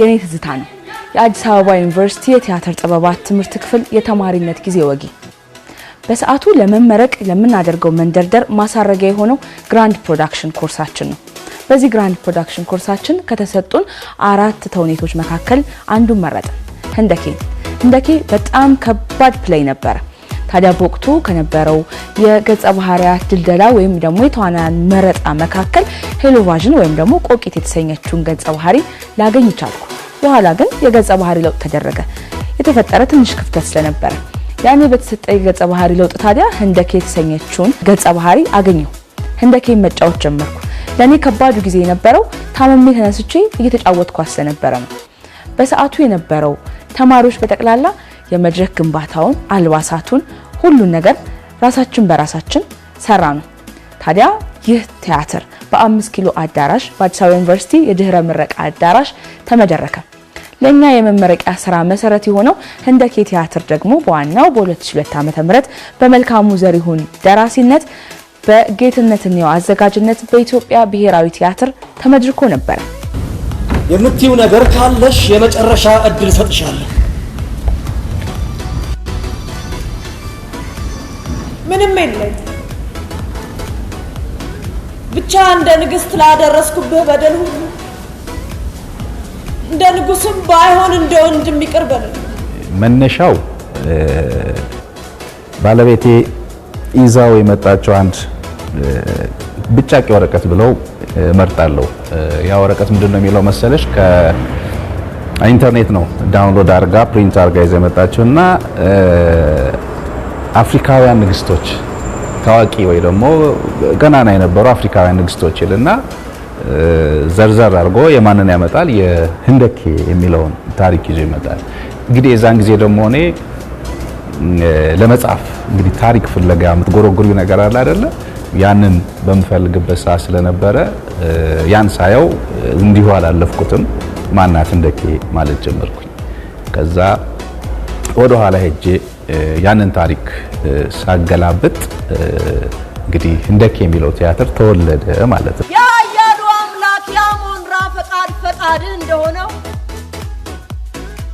የኔ ትዝታ ነው። የአዲስ አበባ ዩኒቨርሲቲ የቲያትር ጥበባት ትምህርት ክፍል የተማሪነት ጊዜ ወጊ በሰዓቱ ለመመረቅ ለምናደርገው መንደርደር ማሳረጊያ የሆነው ግራንድ ፕሮዳክሽን ኮርሳችን ነው። በዚህ ግራንድ ፕሮዳክሽን ኮርሳችን ከተሰጡን አራት ተውኔቶች መካከል አንዱን መረጥን፣ ህንደኬ። ህንደኬ በጣም ከባድ ፕሌይ ነበረ። ታዲያ በወቅቱ ከነበረው የገጸ ባህሪያት ድልደላ ወይም ደግሞ የተዋናያን መረጣ መካከል ሄሎቫዥን ወይም ደግሞ ቆቂት የተሰኘችውን ገጸ ባህሪ ላገኝ ቻልኩ። በኋላ ግን የገጸ ባህሪ ለውጥ ተደረገ። የተፈጠረ ትንሽ ክፍተት ስለነበረ ያኔ በተሰጠ የገጸ ባህሪ ለውጥ ታዲያ ህንደኬ የተሰኘችውን ገጸ ባህሪ አገኘሁ። ህንደኬ መጫወት ጀመርኩ። ለእኔ ከባዱ ጊዜ የነበረው ታመሜ ተነስቼ እየተጫወትኳት ስለነበረ ነው። በሰዓቱ የነበረው ተማሪዎች በጠቅላላ የመድረክ ግንባታውን፣ አልባሳቱን፣ ሁሉን ነገር ራሳችን በራሳችን ሰራ ነው። ታዲያ ይህ ቲያትር በአምስት ኪሎ አዳራሽ በአዲስ አበባ ዩኒቨርሲቲ የድህረ ምረቃ አዳራሽ ተመደረከ። ለእኛ የመመረቂያ ስራ መሰረት የሆነው ህንደኬ ቲያትር ደግሞ በዋናው በ2002 ዓ ም በመልካሙ ዘሪሁን ደራሲነት በጌትነት እንየው አዘጋጅነት በኢትዮጵያ ብሔራዊ ቲያትር ተመድርኮ ነበረ። የምትይው ነገር ካለሽ የመጨረሻ እድል ሰጥሻለሁ። ምንም የለኝ ብቻ እንደ ንግስት ላደረስኩብህ በደል ሁሉ እንደ ንጉስም ባይሆን እንደ ወንድም ይቅር በለኝ። መነሻው ባለቤቴ ይዛው የመጣቸው አንድ ብጫቂ ወረቀት ብለው መርጣለሁ። ያ ወረቀት ምንድን ነው የሚለው መሰለሽ? ከኢንተርኔት ነው ዳውንሎድ አርጋ ፕሪንት አርጋ ይዛ የመጣቸው እና አፍሪካውያን ንግስቶች ታዋቂ ወይ ደግሞ ገናና የነበሩ አፍሪካውያን ንግስቶችን እና ዘርዘር አድርጎ የማንን ያመጣል? የህንደኬ የሚለውን ታሪክ ይዞ ይመጣል። እንግዲህ የዛን ጊዜ ደግሞ እኔ ለመጻፍ እንግዲህ ታሪክ ፍለጋ የምትጎረጉሪው ነገር አለ አይደለ? ያንን በምፈልግበት ሰዓት ስለነበረ ያን ሳየው እንዲሁ አላለፍኩትም። ማናት ህንደኬ ማለት ጀመርኩኝ። ከዛ ወደ ኋላ ሄጄ ያንን ታሪክ ሳገላብጥ እንግዲህ ህንደኬ የሚለው ቲያትር ተወለደ ማለት ነው። የአያሉ አምላክ የአሞራ ፈቃድ ፈቃድህ እንደሆነው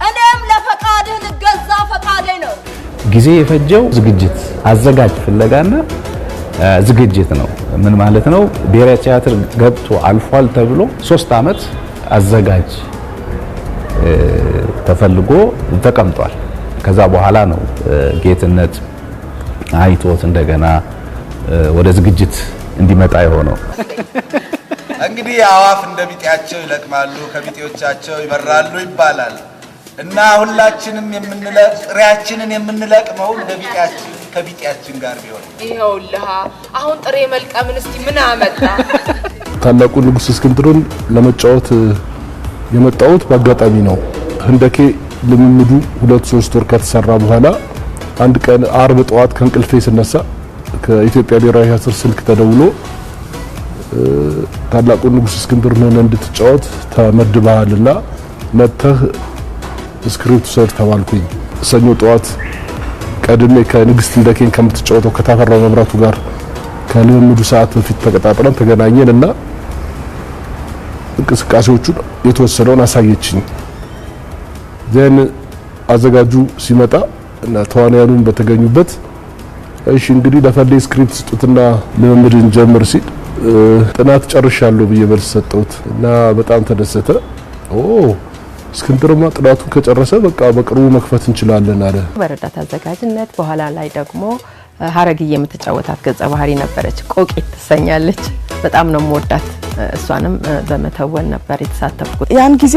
እኔም ለፈቃድህ ልገዛ ፈቃዴ ነው። ጊዜ የፈጀው ዝግጅት፣ አዘጋጅ ፍለጋና ዝግጅት ነው። ምን ማለት ነው? ብሔራዊ ቲያትር ገብቶ አልፏል ተብሎ ሶስት ዓመት አዘጋጅ ተፈልጎ ተቀምጧል። ከዛ በኋላ ነው ጌትነት አይቶት እንደገና ወደ ዝግጅት እንዲመጣ የሆነው እንግዲህ አዋፍ እንደ ቢጤያቸው ይለቅማሉ፣ ከቢጤዎቻቸው ይበራሉ ይባላል እና ሁላችንም ጥሬያችንን የምንለቅመው እንደ ቢጤያችን ከቢጤያችን ጋር ቢሆን ይኸውልህ፣ አሁን ጥሬ መልቀምን እስቲ ምን አመጣ። ታላቁ ንጉሥ እስክንድርን ለመጫወት የመጣሁት በአጋጣሚ ነው። ህንደኬ ልምምዱ ሁለት ሶስት ወር ከተሰራ በኋላ አንድ ቀን አርብ ጠዋት ከእንቅልፌ ስነሳ ከኢትዮጵያ ብሔራዊ አስር ስልክ ተደውሎ ታላቁ ንጉስ እስክንድር ምን እንድትጫወት ተመድበሃልና መጥተህ ስክሪፕት ሰር ተባልኩኝ። ሰኞ ጠዋት ቀድሜ ከንግስት ልደኬን ከምትጫወተው ከታፈራው መብራቱ ጋር ከልምምዱ ሰዓት በፊት ተቀጣጥረን ተገናኘን እና እንቅስቃሴዎቹን የተወሰነውን አሳየችኝ። ዘን አዘጋጁ ሲመጣ እና ተዋንያኑን በተገኙበት እሺ እንግዲህ ለፈሌ ስክሪፕት ስጡትና ልምምድ እንጀምር ሲል ጥናት ጨርሻለሁ ብዬ መልስ ሰጠሁት እና በጣም ተደሰተ። ኦ እስክንድርማ ጥናቱን ከጨረሰ በቃ በቅርቡ መክፈት እንችላለን አለ። በረዳት አዘጋጅነት በኋላ ላይ ደግሞ ሀረግዬ የምትጫወታት ገጸ ባህሪ ነበረች። ቆቄ ትሰኛለች። በጣም ነው የምወዳት። እሷንም በመተወን ነበር የተሳተፍኩት። ያን ጊዜ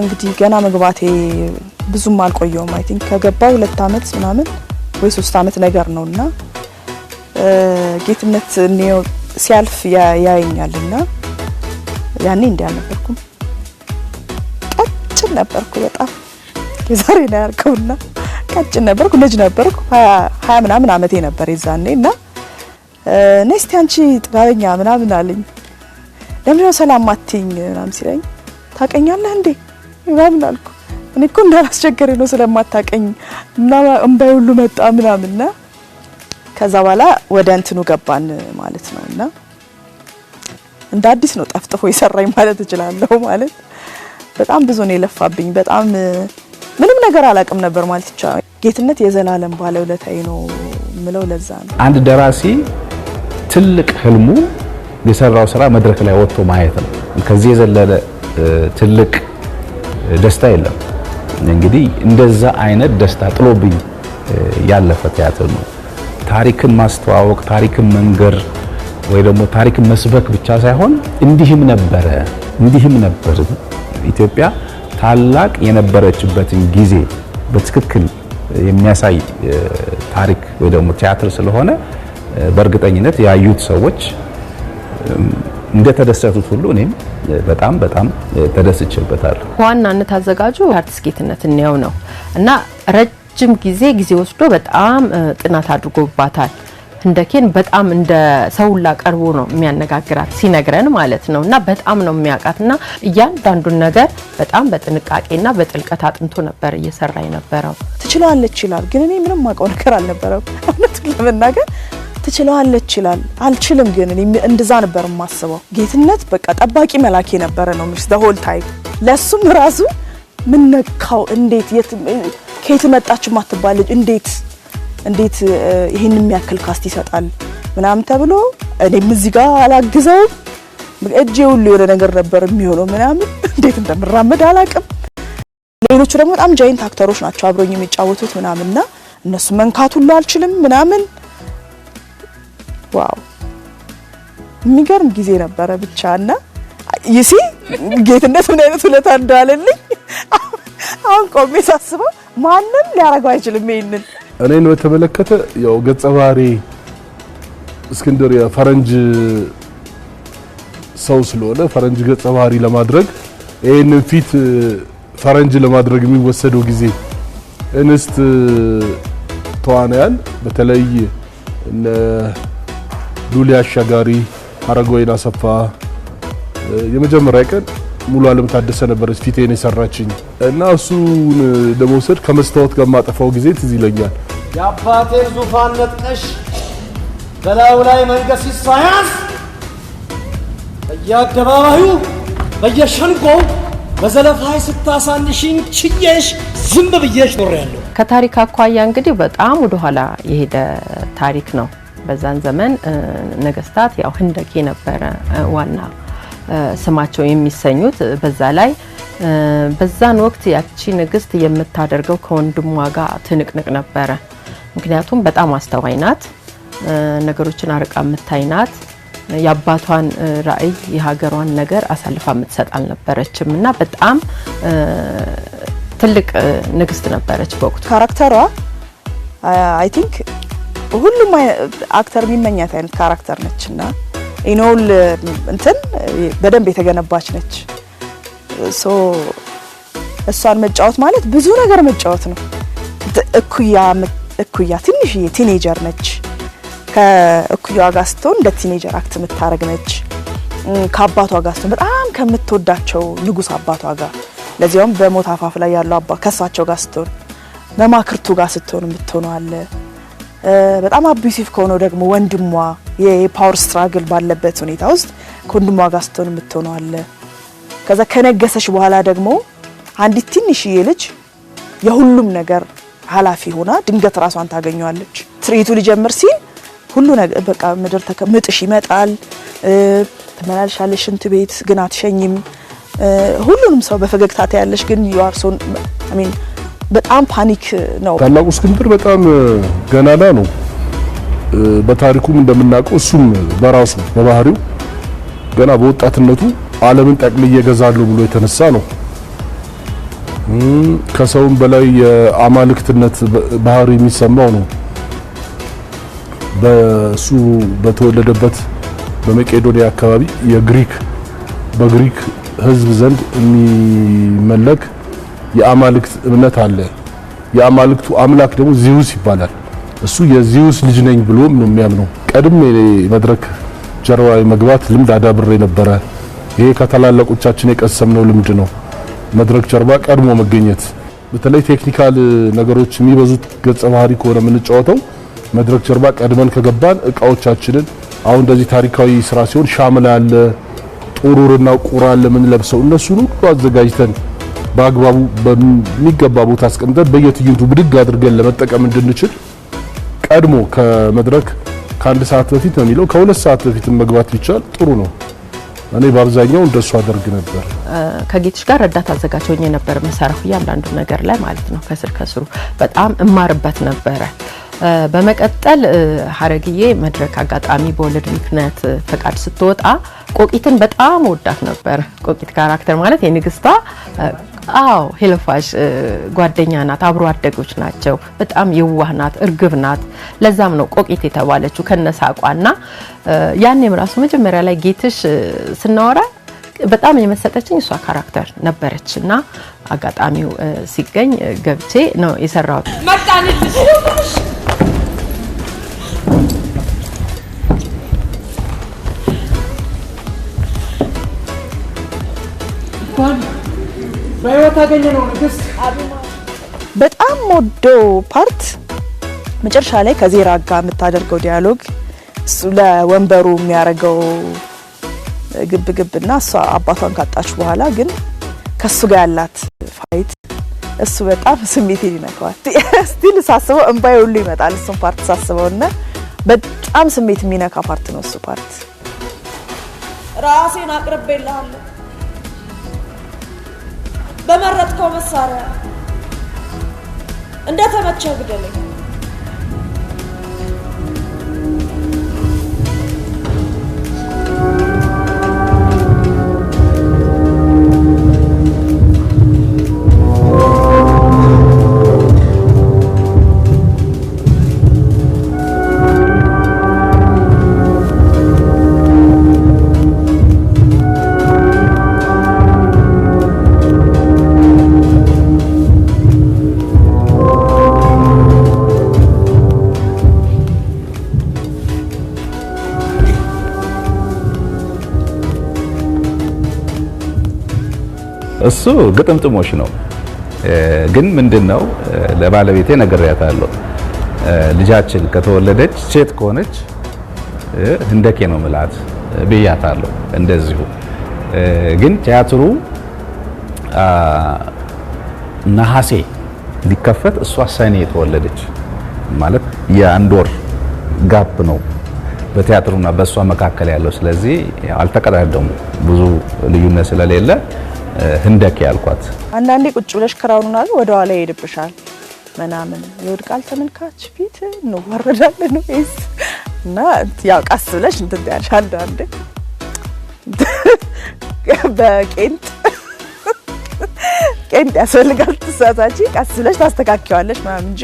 እንግዲህ ገና መግባቴ ብዙም አልቆየውም። አይ ቲንክ ከገባ ሁለት አመት ምናምን ወይ ሶስት አመት ነገር ነው እና ጌትነት እኔው ሲያልፍ ያየኛል እና ያኔ እንዲህ አልነበርኩም፣ ቀጭን ነበርኩ በጣም የዛሬ ነው ያርከውና ቀጭን ነበርኩ፣ ልጅ ነበርኩ። ሀያ ምናምን አመቴ ነበር የዛኔ እና እኔ እስቲ አንቺ ጥጋበኛ ምናምን አለኝ። ለምንድነው ሰላም አትይኝ ምናምን ሲለኝ ታቀኛለህ እንዴ ምናምን አልኩ። እኔ እኮ እንዳላስቸገረ ነው ስለማታቀኝ እና እምባይ ሁሉ መጣ ምናምንና ከዛ በኋላ ወደ እንትኑ ገባን ማለት ነው። እና እንደ አዲስ ነው ጠፍጥፎ የሰራኝ ማለት እችላለሁ። ማለት በጣም ብዙ ነው የለፋብኝ። በጣም ምንም ነገር አላውቅም ነበር ማለት ይቻላል። ጌትነት የዘላለም ባለውለታዬ ነው ምለው ለዛ ነው አንድ ደራሲ ትልቅ ህልሙ የሰራው ስራ መድረክ ላይ ወጥቶ ማየት ነው። ከዚህ የዘለለ ትልቅ ደስታ የለም። እንግዲህ እንደዛ አይነት ደስታ ጥሎብኝ ያለፈ ቲያትር ነው። ታሪክን ማስተዋወቅ፣ ታሪክን መንገር ወይ ደግሞ ታሪክን መስበክ ብቻ ሳይሆን እንዲህም ነበረ እንዲህም ነበር ኢትዮጵያ ታላቅ የነበረችበትን ጊዜ በትክክል የሚያሳይ ታሪክ ወይ ደግሞ ቲያትር ስለሆነ በእርግጠኝነት ያዩት ሰዎች እንደተደሰቱት ሁሉ እኔም በጣም በጣም ተደስቼበታለሁ። ዋናነት አዘጋጁ አርቲስት ጌትነት እንየው ነው እና ረጅም ጊዜ ጊዜ ወስዶ በጣም ጥናት አድርጎባታል። ህንደኬን በጣም እንደ ሰውላ ቀርቦ ነው የሚያነጋግራት ሲነግረን ማለት ነው። እና በጣም ነው የሚያውቃትና እያንዳንዱን ነገር በጣም በጥንቃቄና በጥልቀት አጥንቶ ነበር እየሰራ የነበረው። ትችላለች ይላል፣ ግን እኔ ምንም ማውቀው ነገር አልነበረም እውነቱን ለመናገር ትችለዋለች ይላል። አልችልም ግን እንደዛ ነበር የማስበው። ጌትነት በቃ ጠባቂ መላክ የነበረ ነው ሚስ ሆል ታይም። ለእሱም ራሱ ምን ነካው? እንዴት ከየት መጣች ማትባለች እንዴት እንዴት ይህን የሚያክል ካስት ይሰጣል ምናምን ተብሎ እኔም እዚህ ጋር አላግዘውም እጄ ሁሉ የሆነ ነገር ነበር የሚሆነው ምናምን እንዴት እንደምራመድ አላቅም። ሌሎቹ ደግሞ በጣም ጃይንት አክተሮች ናቸው አብሮኝ የሚጫወቱት ምናምንና እነሱ መንካት ሁሉ አልችልም ምናምን ዋው የሚገርም ጊዜ ነበረ። ብቻ እና ይሲ ጌትነት ምን አይነት ሁለታ እንዳለልኝ አሁን ቆሜ ሳስበው ማንም ሊያረገው አይችልም። ይሄንን እኔን በተመለከተ ያው ገጸ ባህሪ እስክንድር የፈረንጅ ሰው ስለሆነ ፈረንጅ ገጸ ባህሪ ለማድረግ ይህንን ፊት ፈረንጅ ለማድረግ የሚወሰደው ጊዜ እንስት ተዋናያን በተለይ ዱሊ አሻጋሪ፣ ሀረጎይን አሰፋ። የመጀመሪያ ቀን ሙሉ አለም ታደሰ ነበረች ፊቴን የሰራችኝ እና እሱን ለመውሰድ ከመስታወት ጋር ማጠፋው ጊዜ ትዝ ይለኛል። የአባቴን ዙፋን ነጥቀሽ በላዩ ላይ መንገስ ሲሳያዝ በየአደባባዩ በየሸንጎው በዘለፋይ ስታሳንሽኝ ችዬሽ ዝም ብዬሽ ያለው ከታሪክ አኳያ እንግዲህ በጣም ወደኋላ የሄደ ታሪክ ነው። በዛን ዘመን ነገስታት ያው ህንደኬ ነበረ ዋና ስማቸው የሚሰኙት። በዛ ላይ በዛን ወቅት ያቺ ንግስት የምታደርገው ከወንድሟ ጋር ትንቅንቅ ነበረ። ምክንያቱም በጣም አስተዋይ ናት፣ ነገሮችን አርቃ የምታይ ናት። የአባቷን ራዕይ የሀገሯን ነገር አሳልፋ የምትሰጥ አልነበረችም እና በጣም ትልቅ ንግስት ነበረች በወቅቱ ካራክተሯ አይ ቲንክ ሁሉም አክተር የሚመኛት አይነት ካራክተር ነች እና ኢኖል እንትን በደንብ የተገነባች ነች። ሶ እሷን መጫወት ማለት ብዙ ነገር መጫወት ነው። እኩያ እኩያ ትንሽዬ ቲኔጀር ነች። ከእኩያዋ ጋር ስትሆን እንደ ቲኔጀር አክት የምታደርግ ነች። ከአባቷ ጋር ስትሆን በጣም ከምትወዳቸው ንጉስ አባቷ ጋር ለዚያውም በሞት አፋፍ ላይ ያለው አባ ከእሳቸው ጋር ስትሆን መማክርቱ ጋር ስትሆን የምትሆነው አለ በጣም አቢሲቭ ከሆነው ደግሞ ወንድሟ የፓወር ስትራግል ባለበት ሁኔታ ውስጥ ከወንድሟ ጋር ስትሆን የምትሆነው አለ። ከዛ ከነገሰች በኋላ ደግሞ አንዲት ትንሽዬ ልጅ የሁሉም ነገር ኃላፊ ሆና ድንገት ራሷን ታገኘዋለች። ትርኢቱ ሊጀምር ሲል ሁሉ ነገር በቃ ምድር ምጥሽ ይመጣል፣ ትመላልሻለሽ፣ ሽንት ቤት ግን አትሸኝም። ሁሉንም ሰው በፈገግታ ታያለች፣ ግን ዩአርሶን በጣም ፓኒክ ነው። ታላቁ እስክንድር በጣም ገናና ነው። በታሪኩም እንደምናውቀው እሱም በራሱ በባህሪው ገና በወጣትነቱ ዓለምን ጠቅልዬ እገዛለሁ ብሎ የተነሳ ነው። ከሰውም በላይ የአማልክትነት ባህሪ የሚሰማው ነው። በሱ በተወለደበት በመቄዶንያ አካባቢ የግሪክ በግሪክ ሕዝብ ዘንድ የሚመለክ የአማልክት እምነት አለ። የአማልክቱ አምላክ ደግሞ ዚዩስ ይባላል። እሱ የዚዩስ ልጅ ነኝ ብሎ ነው የሚያምነው። ቀድም መድረክ ጀርባ መግባት ልምድ አዳብሬ ነበረ። ይሄ ከታላላቆቻችን የቀሰምነው ልምድ ነው። መድረክ ጀርባ ቀድሞ መገኘት፣ በተለይ ቴክኒካል ነገሮች የሚበዙት ገጸ ባህሪ ከሆነ የምንጫወተው መድረክ ጀርባ ቀድመን ከገባን እቃዎቻችንን አሁን እንደዚህ ታሪካዊ ስራ ሲሆን ሻምላ አለ፣ ጡሩርና ቁራ አለ፣ ምን ለብሰው እነሱን ሁሉ አዘጋጅተን በአግባቡ በሚገባ ቦታ አስቀምጠን በየትዕይንቱ ብድግ አድርገን ለመጠቀም እንድንችል ቀድሞ ከመድረክ ከአንድ ሰዓት በፊት ነው የሚለው ከሁለት ሰዓት በፊት መግባት ቢቻል ጥሩ ነው። እኔ በአብዛኛው እንደሱ አደርግ ነበር። ከጌትሽ ጋር ረዳት አዘጋጅ ሆኜ ነበር የምሰራው እያንዳንዱ ነገር ላይ ማለት ነው። ከስር ከስሩ በጣም እማርበት ነበረ። በመቀጠል ሀረግዬ መድረክ አጋጣሚ በወለድ ምክንያት ፈቃድ ስትወጣ ቆቂትን በጣም ወዳት ነበር። ቆቂት ካራክተር ማለት የንግስቷ አዎ ሄለፋሽ ጓደኛ ናት። አብሮ አደጎች ናቸው። በጣም የዋህ ናት፣ እርግብ ናት። ለዛም ነው ቆቂት የተባለችው ና ያኔም ራሱ መጀመሪያ ላይ ጌትሽ ስናወራ በጣም የመሰጠችኝ እሷ ካራክተር ነበረች እና አጋጣሚው ሲገኝ ገብቼ ነው የሰራሁት። እንኳን በህይወት ታገኘ ነው ንግስት። በጣም ወዶ ፓርት መጨረሻ ላይ ከዜራ ጋር የምታደርገው ዲያሎግ እሱ ለወንበሩ የሚያደርገው ግብ ግብ እና እሷ አባቷን ካጣች በኋላ ግን ከሱ ጋር ያላት ፋይት እሱ በጣም ስሜቴን ይነካዋል። ስቲል ሳስበው እንባዬ ሁሉ ይመጣል። እሱን ፓርት ሳስበው እና በጣም ስሜት የሚነካ ፓርት ነው እሱ ፓርት ራሴን አቅርቤልሃለሁ በመረጥከው መሳሪያ እንደተመቸህ ግደለኝ። እሱ ግጥምጥሞች ነው። ግን ምንድነው ለባለቤቴ ነግሬያታለሁ። ልጃችን ከተወለደች ሴት ከሆነች ህንደኬ ነው ምላት ብያታለሁ። እንደዚሁ ግን ቲያትሩ ነሐሴ ሊከፈት እሷ ሰኔ የተወለደች ማለት የአንድ ወር ጋፕ ነው በቲያትሩና በእሷ መካከል ያለው። ስለዚህ አልተቀዳደሙ ብዙ ልዩነት ስለሌለ ህንደክ ያልኳት። አንዳንዴ ቁጭ ብለሽ ክራውኑን አለ ወደ ኋላ ይሄድብሻል ምናምን ይወድቃል ተመልካች ፊት እንዋረዳለን ወይስ እና ያው ቀስ ብለሽ እንትን ትያለሽ። አንዳንዴ በቄንጥ ቄንጥ ያስፈልጋል ትሳሳቺ፣ ቀስ ብለሽ ታስተካኪዋለሽ ምናምን እንጂ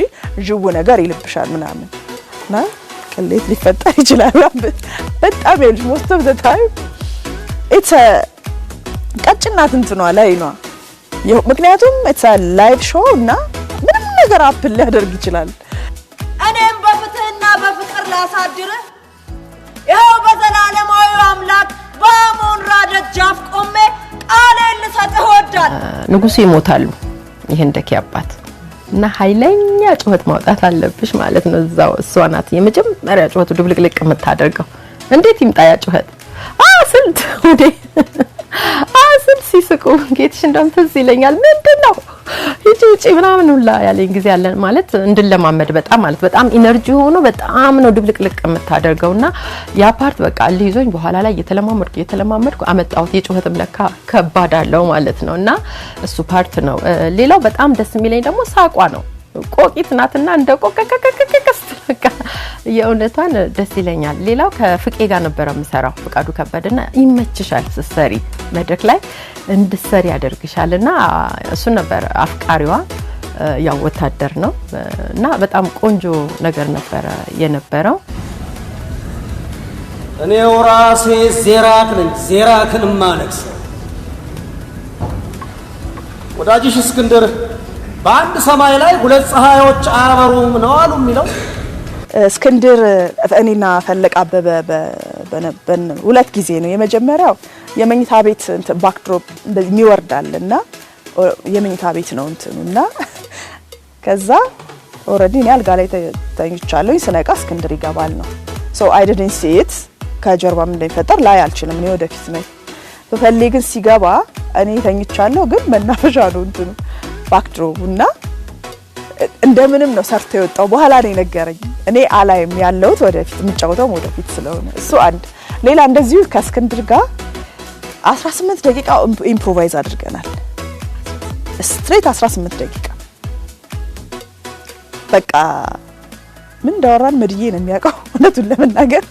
ዥው ነገር ይልብሻል ምናምን እና ቅሌት ሊፈጠር ይችላል። በጣም የልጅ ሞስቶ ዘታዩ ኢትስ ቀጭና ትንትኗ ላይኗ ኗ ምክንያቱም ኢትስ ላይቭ ሾው እና ምንም ነገር አፕል ሊያደርግ ይችላል። እኔም በፍትህና በፍቅር ላሳድርህ ይኸው በዘላለማዊ አምላክ በአሞንራ ደጃፍ ቆሜ ቃሌን ልሰጥህ እወዳለሁ። ንጉሱ ይሞታሉ። ይህን ደኬ አባት እና ኃይለኛ ጩኸት ማውጣት አለብሽ ማለት ነው። እዛው እሷ ናት የመጀመሪያ ጩኸቱ ድብልቅልቅ የምታደርገው። እንዴት ይምጣ ያ ጩኸት ስልት ወዴ አስል ሲስቁ ጌትሽ እንደውም ትዝ ይለኛል። ምንድን ነው ሂጂ ውጪ ምናምን ሁላ ያለኝ ጊዜ አለን ማለት እንድለማመድ በጣም ማለት በጣም ኢነርጂ ሆኖ በጣም ነው ድብልቅልቅ የምታደርገው እና ያ ፓርት በቃ ልይዞኝ በኋላ ላይ እየተለማመድኩ እየተለማመድኩ አመጣሁት። የጩኸትም ለካ ከባድ አለው ማለት ነው እና እሱ ፓርት ነው። ሌላው በጣም ደስ የሚለኝ ደግሞ ሳቋ ነው። ቆቂት ናትና እንደ ቆቀቀቀቀስ በቃ የእውነቷን ደስ ይለኛል። ሌላው ከፍቄ ጋር ነበረ የምሰራው ፍቃዱ ከበደና ይመችሻል ስትሰሪ መድረክ ላይ እንድትሰሪ ያደርግሻል እና እሱ ነበር አፍቃሪዋ ያው ወታደር ነው እና በጣም ቆንጆ ነገር ነበረ የነበረው። እኔው ራሴ ዜራክ ነኝ። ዜራክን ማለት ወዳጅሽ እስክንድር በአንድ ሰማይ ላይ ሁለት ፀሐዮች አያበሩም ነው አሉ የሚለው እስክንድር እኔና ፈለቅ አበበ ሁለት ጊዜ ነው። የመጀመሪያው የመኝታ ቤት ባክድሮፕ የሚወርዳል እና የመኝታ ቤት ነው እንትኑ እና ከዛ ኦልሬዲ እኔ አልጋ ላይ ተኝቻለሁኝ። ስነቃ እስክንድር ይገባል ነው ሶ አይ ዲድንት ሲ ኢት ከጀርባም እንደሚፈጠር ላይ አልችልም እኔ ወደፊት ነኝ። በፈሌ ግን ሲገባ እኔ ተኝቻለሁ፣ ግን መናፈሻ ነው እንትኑ ባክድሮቡ እና እንደምንም ነው ሰርቶ የወጣው። በኋላ ነው የነገረኝ። እኔ አላይም ያለሁት ወደፊት የምጫወተው ወደፊት ስለሆነ እሱ አንድ። ሌላ እንደዚሁ ከእስክንድር ጋር 18 ደቂቃ ኢምፕሮቫይዝ አድርገናል። ስትሬት 18 ደቂቃ በቃ ምን እንዳወራን መድዬ ነው የሚያውቀው እውነቱን ለመናገር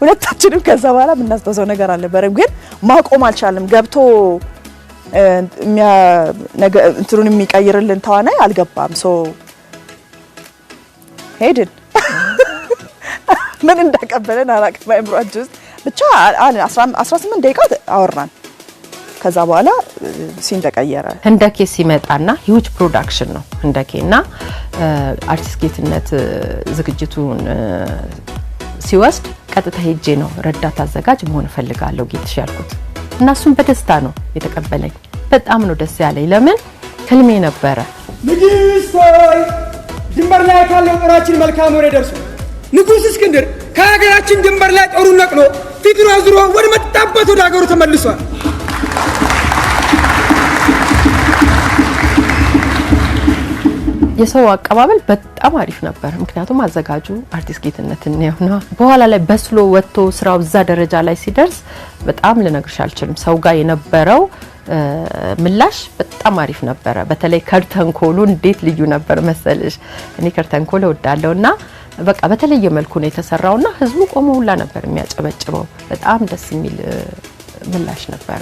ሁለታችንም ከዛ በኋላ የምናስታውሰው ነገር አልነበረም፣ ግን ማቆም አልቻለም ገብቶ እንትኑን የሚቀይርልን ተዋናይ አልገባም። ሶ ሄድን ምን እንዳቀበለን አላውቅም። አይምሯችን ውስጥ ብቻ 18 ደቂቃ አወራን። ከዛ በኋላ ሲን ተቀየረ። ህንደኬ ሲመጣና ሂውጅ ፕሮዳክሽን ነው ህንደኬ እና አርቲስት ጌትነት ዝግጅቱን ሲወስድ ቀጥታ ሄጄ ነው ረዳት አዘጋጅ መሆን እፈልጋለሁ ጌትሽ ያልኩት እና እሱም በደስታ ነው የተቀበለኝ። በጣም ነው ደስ ያለኝ። ለምን ህልሜ ነበረ። ንግስት ሆይ ድንበር ላይ ካለው ጦራችን መልካም ወሬ ደርሶ ንጉሥ እስክንድር ከሀገራችን ድንበር ላይ ጦሩን ነቅሎ ፊቱን አዙሮ ወደ መጣበት ወደ ሀገሩ ተመልሷል። የሰው አቀባበል በጣም አሪፍ ነበር። ምክንያቱም አዘጋጁ አርቲስት ጌትነትን የሆነ በኋላ ላይ በስሎ ወጥቶ ስራው እዛ ደረጃ ላይ ሲደርስ በጣም ልነግርሽ አልችልም። ሰው ጋር የነበረው ምላሽ በጣም አሪፍ ነበረ። በተለይ ከርተንኮሉ እንዴት ልዩ ነበር መሰልሽ። እኔ ከርተንኮል እና በቃ በተለየ መልኩ ነው የተሰራውና ህዝቡ ቆሞ ሁላ ነበር የሚያጨበጭበው። በጣም ደስ የሚል ምላሽ ነበረ።